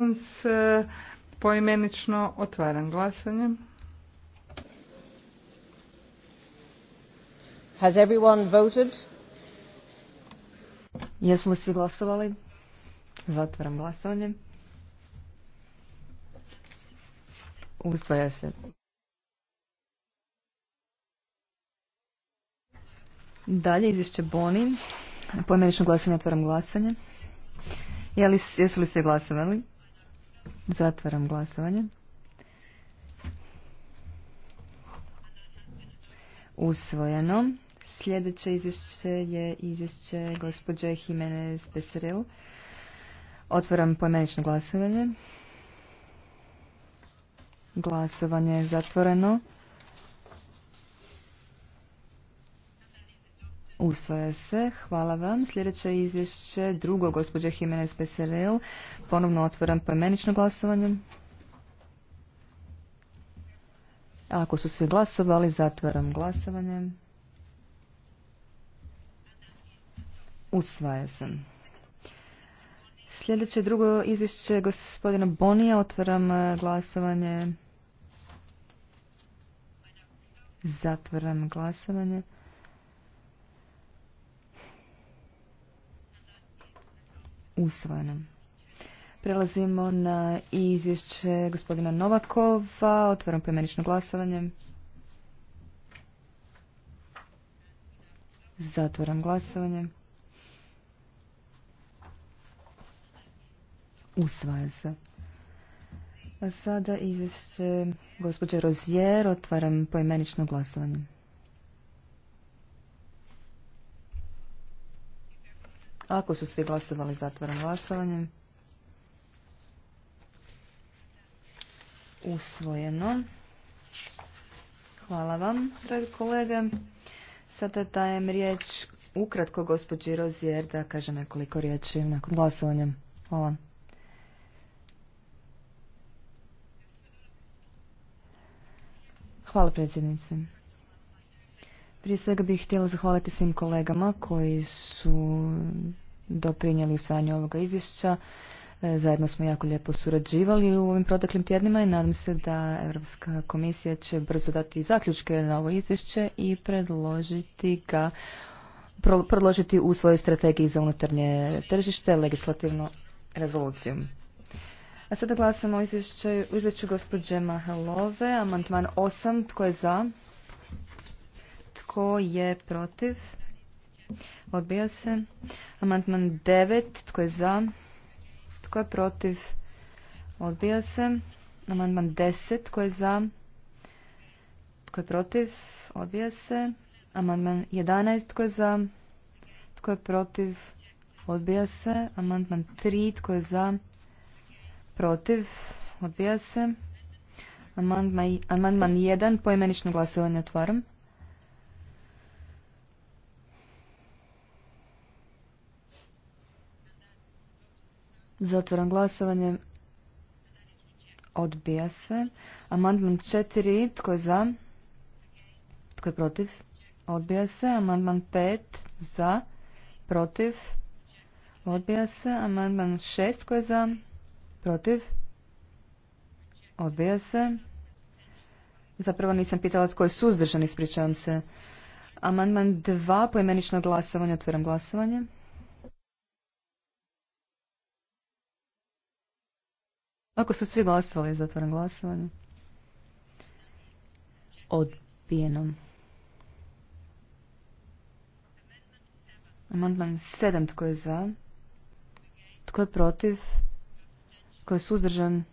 s e, poimenično otvaram glasanje. Has everyone voted? Jesu li svi glasovali? Zatvaram glasovanje. Usvaja se. Dalje, izvješće Boni. Pojmenično glasanje, otvaram glasanje. Jesu li svi glasovali? Zatvaram glasovanje. Usvojeno. Sljedeće izvješće je izvješće gospođe Jimenez Peseril. Otvaram pojmenično glasovanje. Glasovanje je zatvoreno. Usvaja se. Hvala vam. Sljedeće izvješće drugo, gospođa Jimenez Peserel. Ponovno otvoram pojmenično glasovanje. Ako su svi glasovali, zatvaram glasovanje. Usvaja se. Sljedeće drugo izvješće gospodina Bonija. Otvaram e, glasovanje. Zatvaram glasovanje. usvojeno. Prelazimo na izvješće gospodina Novakova. Otvaram pojmenično glasovanje. Zatvaram glasovanje. Usvaja se. A sada izvješće gospođe Rozijer. Otvaram poimenično glasovanje. Ako su svi glasovali, zatvaram glasovanje. Usvojeno. Hvala vam, dragi kolege. Sada dajem riječ ukratko gospođi Rozier da kaže nekoliko riječi nakon glasovanja. Hvala. Hvala predsjednice. Prije svega bih htjela zahvaliti svim kolegama koji su doprinijeli usvajanju ovoga izvješća. E, zajedno smo jako lijepo surađivali u ovim proteklim tjednima i nadam se da Europska komisija će brzo dati zaključke na ovo izvješće i predložiti ga predložiti u svojoj strategiji za unutarnje tržište legislativnu rezoluciju. A sada glasamo o izvješću, izvješću gospođe Mahalove, amantman 8, tko je za? Tko je protiv? Odbija se. Amandman 9. Tko je za? Tko je protiv? Odbija se. Amandman 10. Tko je za? Tko je protiv? Odbija se. Amandman 11. Tko je za? Tko je protiv? Odbija se. Amandman 3. Tko je za? Protiv? Odbija se. Amandman 1. Poimenično glasovanje otvaram. Zatvoram glasovanje. Odbija se. Amandman 4. Tko je za? Tko je protiv? Odbija se. Amandman 5. Za. Protiv. Odbija se. Amandman 6. Tko je za? Protiv. Odbija se. Zapravo nisam pitala tko je suzdržan, ispričavam se. Amandman 2. Poimenično glasovanje. Otvaram glasovanje. Ako su svi glasovali, zatvoren glasovanje. Odbijeno. Amandman 7. Tko je za? Tko je protiv? Tko je suzdržan?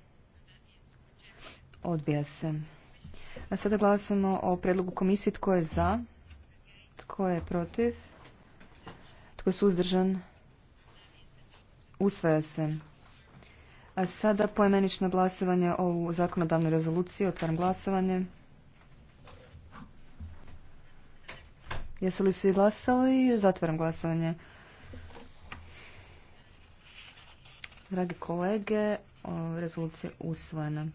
Odbija se. A sada glasamo o predlogu komisije. Tko je za? Tko je protiv? Tko je suzdržan? Usvaja se. A sada poimenično glasovanje o zakonodavnoj rezoluciji. Otvaram glasovanje. Jesu li svi glasali? Zatvaram glasovanje. Dragi kolege, rezolucija je usvojena.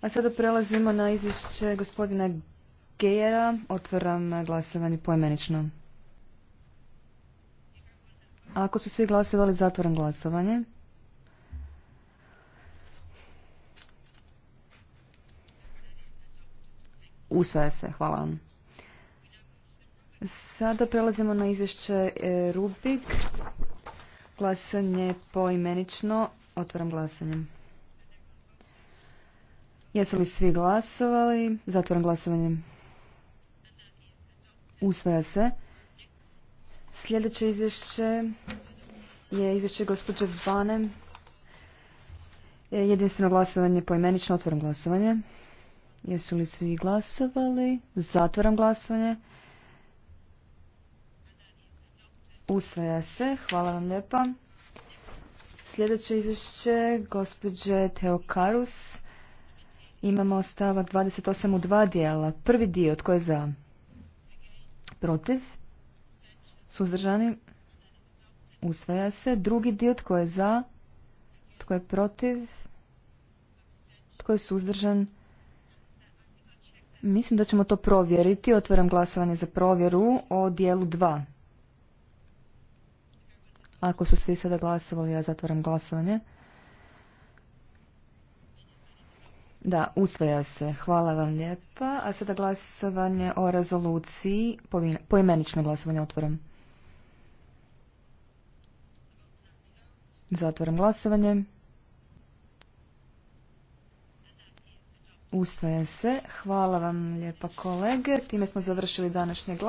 A sada prelazimo na izvješće gospodina Gejera. Otvaram glasovanje poimenično. Ako su svi glasovali, zatvaram glasovanje. Usvaja se. Hvala vam. Sada prelazimo na izvješće e, Rubik. Glasanje poimenično. Otvaram glasanje. Jesu li svi glasovali? Zatvaram glasovanje. Usvaja se. Sljedeće izvješće je izvješće gospođe Bane. E, jedinstveno glasovanje poimenično. Otvaram glasovanje. Jesu li svi glasovali? Zatvaram glasovanje. Usvaja se. Hvala vam lijepa. Sljedeće izvješće gospođe Teo Karus. Imamo stavak 28 u dva dijela. Prvi dio, tko je za? Protiv? Suzdržani? Usvaja se. Drugi dio, tko je za? Tko je protiv? Tko je suzdržan? Mislim da ćemo to provjeriti. Otvaram glasovanje za provjeru o dijelu 2. Ako su svi sada glasovali, ja zatvaram glasovanje. Da, usvaja se. Hvala vam lijepa. A sada glasovanje o rezoluciji. Poimenično glasovanje otvaram. Zatvaram glasovanje. Usvaja se. Hvala vam lijepa kolege. Time smo završili današnje glas.